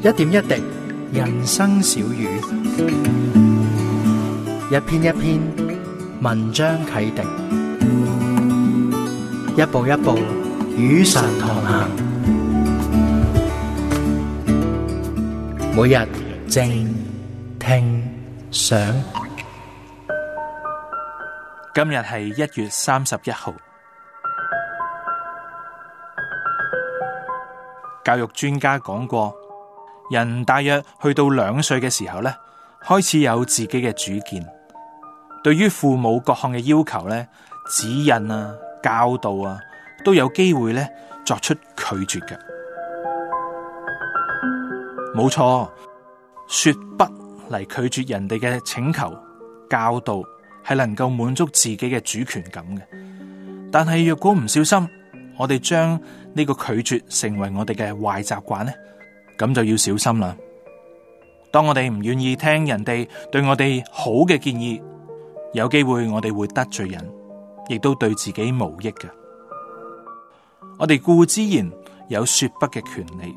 一點一滴，人生小語；一篇一篇，文章啟迪；一步一步，與神同行。每日靜聽想，今日係一月三十一號。教育專家講過。人大約去到兩歲嘅時候咧，開始有自己嘅主見，對於父母各項嘅要求咧、指引啊、教導啊，都有機會咧作出拒絕嘅。冇錯，說不嚟拒絕人哋嘅請求、教導，係能夠滿足自己嘅主權感嘅。但係若果唔小心，我哋將呢個拒絕成為我哋嘅壞習慣咧。咁就要小心啦。當我哋唔願意聽人哋對我哋好嘅建議，有機會我哋會得罪人，亦都對自己無益嘅。我哋固之然有說不嘅權利，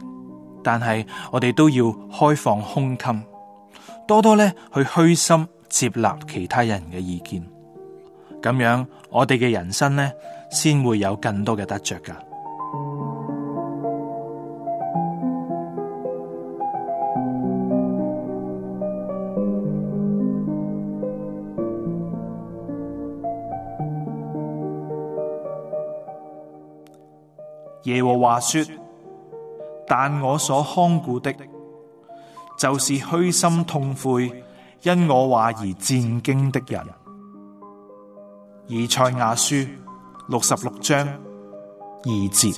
但係我哋都要開放胸襟，多多咧去虛心接納其他人嘅意見。咁樣我哋嘅人生咧，先會有更多嘅得着噶。耶和華說：但我所看顧的，就是虛心痛悔、因我話而戰驚的人。以賽亞書六十六章二節。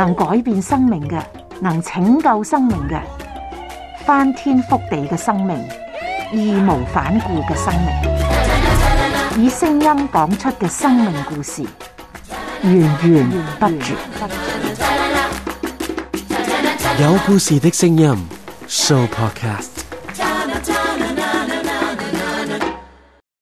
能改變生命嘅，能拯救生命嘅，翻天覆地嘅生命，義無反顧嘅生命，以聲音講出嘅生命故事，源源不絕。有故事的聲音，Sooo Podcast。